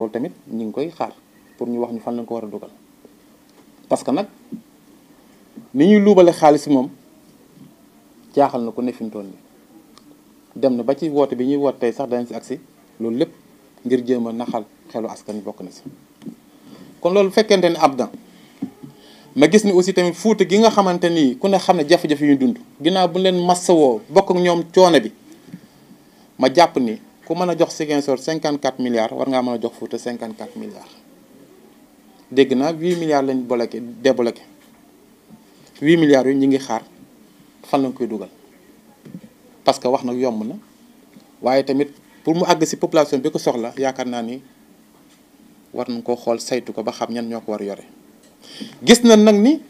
loolu tamit ñu ngi koy xaar pour ñu wax ñu fan lañ ko war a dugal parce que nag ni ñuy luubale xaalis moom jaaxal na ko ne fi mu toll dem na ba ci woote bi ñuy woote tey sax danañ si agsi loolu lépp ngir jéem a naxal xelu askan bokk na si kon loolu fekkente ni ab dan ma gis ni aussi tamit fuuta gi nga xamante ni ku ne xam ne jafe-jafe yu dund ginnaaw bu leen massawoo bokk ak ñoom coono bi ma jàpp ni ku mën a jox Ziguinchor 54 milliards war ngaa mën a jox Fouta 54 milliards dégg naa 8 milliards lañ bloqué débloqué 8 milliards yi ñu ngi xaar fan lañ koy dugal parce que wax nag yomb na waaye tamit pour mu àgg ci population bi ko soxla yaakaar naa ni war nañ koo xool saytu ko ba xam ñan ñoo ko war yore gis na nag ni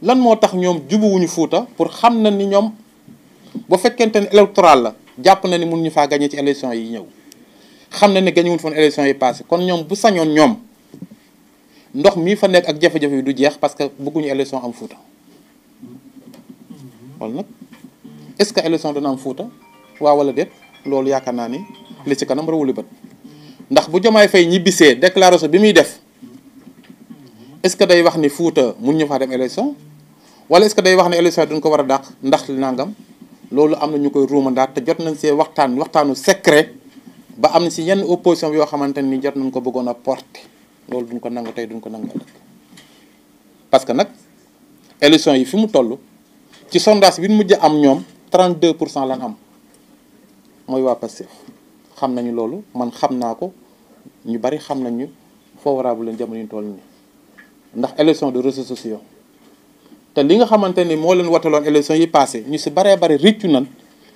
lan moo tax ñoom jubuwuñu Fouta pour xam na ni ñoom bu fekkente ne électoral la. jàpp na ni ñu faa gagné ci élection yi ñëw xam na ne gagné wuñ foon élection yi passé kon ñoom bu sañoon ñoom ndox mii fa nekk ak jafe-jafe yi du jeex parce que bëgguñu élection am Fuuta wal nag est-ce que élection dana am waaw wala déet loolu yaakaar naa ni li ci kanam rawuli bët ndax bu Diomaye fay ñibbisee déclaration bi muy def est-ce que day wax ni Fuuta mun ñu faa dem élection wala est-ce day wax ne élection yi duñ ko war a dàq ndax li nangam loolu am na ñu koy ruumandaat te jot nañ see waxtaan waxtaanu secret ba am na si yenn opposition yoo xamante ni jot nañ ko bëggoon a loolu duñ ko nangu tey duñ ko nangu ëllëg parce que nag élection yi fi mu toll ci sondage bi nu mujj am ñoom 32 pour cent lan am mooy waa Pastef xam nañu loolu man xam naa ko ñu bari xam nañu favorable lañ jamono yu toll nii ndax élection de réseaux sociaux. te li nga xamante ni moo leen wataloon élection yi passé ñu si baree bari rëccu nan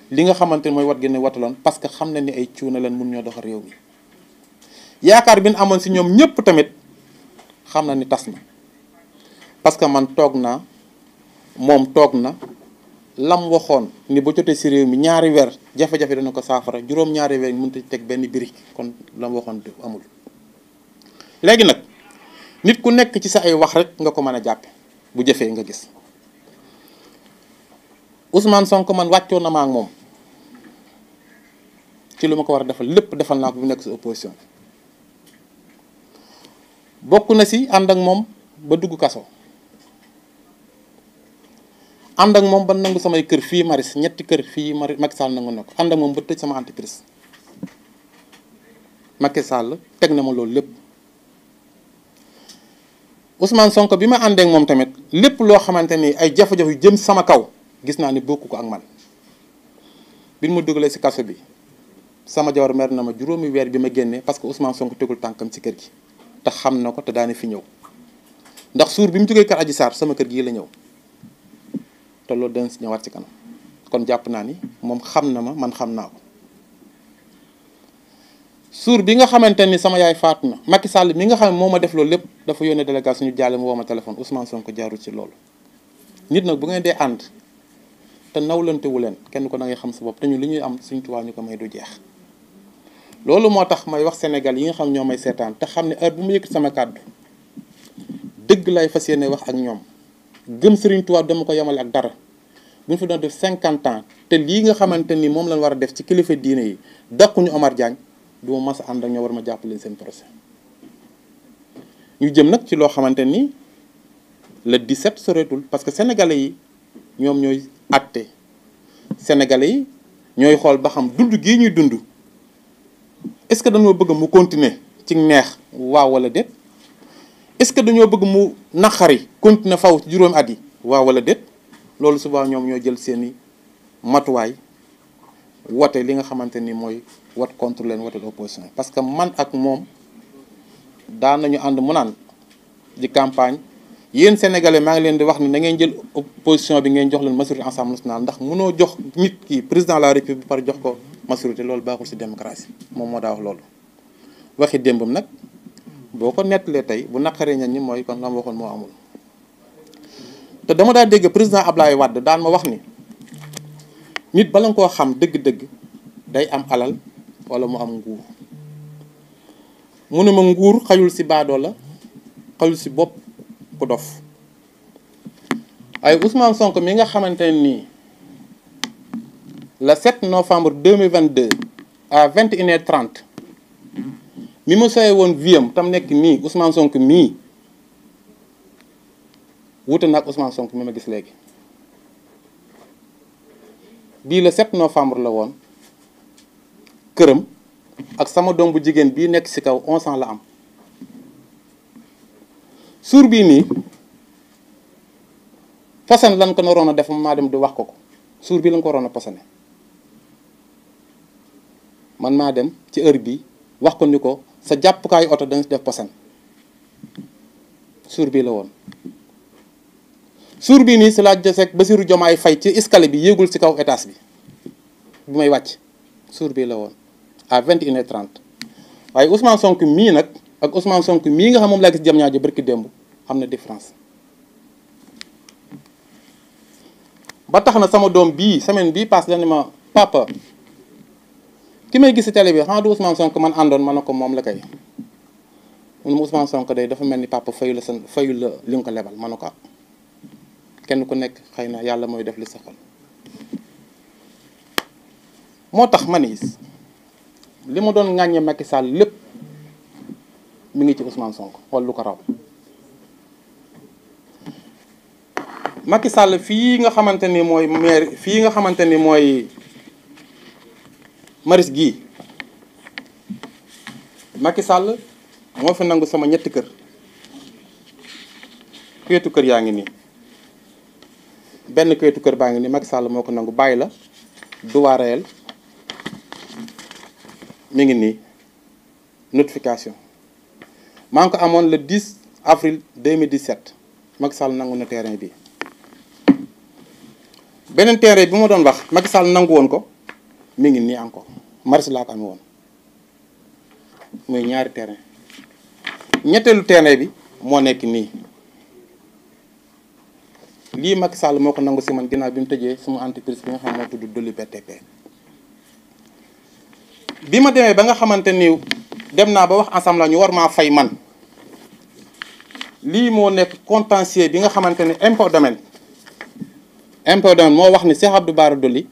li nga xamante ni mooy wat gi ne wataloon parce que xam na ni ay cuuna leen mun ñoo doxal a mi yaakaar bi amoon si ñoom ñëpp tamit xam na ni tas parce que man toog naa moom toog na lam waxoon ni bu jotee si réew mi ñaari weer jafe-jafe dana ko saafara juróom ñaari weer mënut a teg benn biri kon lam waxoon amul léegi nag nit ku nekk ci sa ay wax rek nga ko mën a jàppe bu jëfee nga gis Ousmane Sonko man wàccoon na ma moom ci lu ma ko war a defal lépp defal naa ko bu nekk si opposition bokk na si ànd ak moom ba dugg kaso ànd ak moom ba nangu samay kër fii maris ñetti kër fii mari Macky Sall nangu na ko ànd ak moom ba tëj sama entreprise Macky Sall teg na ma loolu lépp Ousmane Sonko bi ma àndee moom tamit lépp loo xamante ni ay jafe-jafe yu jëm sama kaw gis naa ni bokku ko ak man bi mu dugalee si kaso bi sama jawar mer na ma juróomi weer bi ma génnee parce que Ousmane Sonko tegul tànkam si kër gi te xam na ko te daane fi ñëw ndax suur bi mu jógee kër Adji sama kër gii la ñëw te loolu dana si ñëwaat ci kanam kon jàpp naa ni moom xam na ma man xam naa ko suur bi nga xamante ni sama yaay faatu na Macky Sall mi nga xam ne moo ma def loolu lépp dafa yónnee délégation ñu jaale mu woo ma téléphone Ousmane ko jaarul ci loolu nit nag bu ngeen dee ànd te nawlante wu leen kenn ko da ngay xam sa bopp te ñu li ñuy am suñ tuwaa ñu ko may du jeex loolu moo tax may wax Sénégal yi nga xam ñoo may seetaan te xam ne heure bu ma yëkkati sama kàddu dëgg lay fas yéene wax ak ñoom gëm Serigne Touba dama ko yemale ak dara bu ñu fi doon def cinquante ans te lii nga xamante ni moom lañ war a def ci kilifa diine yi dakkuñu Omar Diagne du ma mas a ànd ak ñoo war ma jàppale seen procès ñu jëm nag ci loo xamante ni le set soreetul parce que sénégalais yi ñoom ñooy àtte sénégalais yi ñooy xool ba xam dund gi ñuy dund est-ce que dañoo bëgg mu continuer ci neex waaw wala déet est-ce que dañoo bëgg mu naqari continuer faw ci juróomi at yi waaw wala déet loolu souvent ñoom ñoo jël seeni matuwaay. wote li nga xamante ni mooy wat contre leen wote l'opposition parce que man ak moom daan nañu ànd mu naan di campagne yéen sénégalais maa ngi leen di wax ni na ngeen jël opposition bi ngeen jox leen majorité ensemble nationale ndax mënoo jox nit ki président de la république par jox ko majorité loolu baaxul ci démocratie moom moo daa wax loolu. waxi démbam nag boo ko nettalee tey bu naqaree ñan ni mooy kon la ma waxoon moo amul te dama daa dégg président Ablaye Wade daan ma wax ni. nit bala nga koo xam dëgg-dëgg day am alal wala mu am nguur mu ne ma nguur xajul si baadoo la xajul si bopp ku dof ay Ousmane sonk mi nga xamante ne nii le 7 novembre 2022 à 21h30 mi ma soye woon viam tam nekk nii Ousmane sonk mii wuute na ak sonk mi ma gis léegi bii le 7 novembre la woon këram ak sama doom bu jigéen bi nekk ci kaw 11 ans la am suur bii nii façon lan ko naroon a def maa dem di wax ko ko suur bi lañ ko waroon a posone man maa dem ci heure bi wax ko ni ko sa jàppukaayu oto dañ si def posan suur bii la woon suur bii nii si laa joseeg Basiru Jomaay Fay ci escalier bi yéegul si kaw étage bi bu may wàcc suur bii la woon à vingt et une heure waaye Ousmane sonk mii nag ak Ousmane sonk mii nga xam moom laa gis jam ñaajo barki démb am na différence ba tax na sama doom bii semaine bii pass dana ma papa ki may gis si télé bi xanaa du Ousmane Sonko man àndoon ma ne ko moom la kay mun ma sonk Sonko day dafa mel ni papa fayu la san fayu la li nga ko lebal ma ne ko kenn ku nekk xëy na yàlla mooy def li sa xol moo tax ma ni li ma doon ŋàññee Macky Sall lépp mu ngi ci Ousmane Sonko wala lu ko raw Macky fii nga xamante ni mooy maire fii nga xamante ni mooy maris gii Macky Sall moo fi nangu sama ñetti kër kuyetu kër yaa ngi nii benn kayitu kër baa ngi ni Macky Sall moo ko nangu bàyyi la duwaareel mi ngi nii notification maa ngi ko amoon le 10 avril 2017 Macky Sall nangu na terrain bi beneen terrain bi ma doon wax Macky Sall nangu woon ko mi ngi nii encore mars laa ko amee woon muy ñaari terrain ñetteelu terrain bi moo nekk nii lii Macky Sall moo ko nangu si man ginnaaw bi mu tëjee suma entreprise bi nga xamante moo tudd Doli BTP bi ma demee ba nga xamante ni dem naa ba wax ensemble ñu war maa fay man lii moo nekk contentieux bi nga xamante ni impôt domaine moo wax ni Cheikh du Bara Doli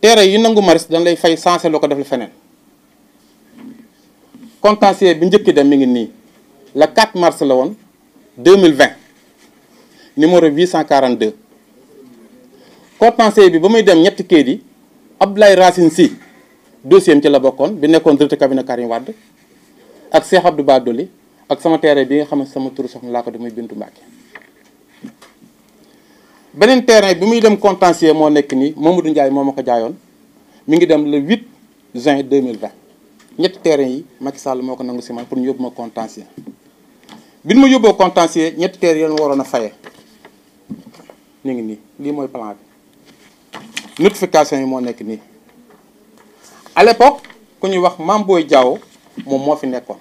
teere yi nangu mars dañ lay fay sensé loo ko def la feneen contentieux bi njëkki dem mu ngi nii le 4 mars la woon 2020 numéro 842 contentieux bi ba muy dem ñetti kayit yi Abdoulaye Racine Sy dossier ci la bokkoon bi nekkoon directeur kar Karim wadd ak Cheikh du Bara Dolly ak sama terrain bi nga xam ne sama turu soxna laa ko di muy Bintu Mbacke beneen terrain bi muy dem contentieux moo nekk nii Mamadou Ndiaye moom ma ko jaayoon mi ngi dem le 8 juin 2020 ñetti terrain yi Macky Sall moo ko nangu si man pour ñu yóbbu ma contentieux bi ñu ma yóbboo contentieux ñetti terrain yi a faye ñu ngi nii lii mooy plan bi notification yi moo nekk nii à l'époque ku ñuy wax Mame booy Diao moom moo fi nekkoon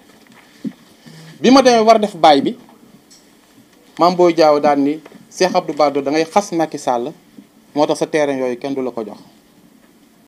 bi ma demee war a def baay bi Mame booy jaaw daal ni Cheikh du Bara da ngay xas Macky sàll moo tax sa terrain yooyu kenn du la ko jox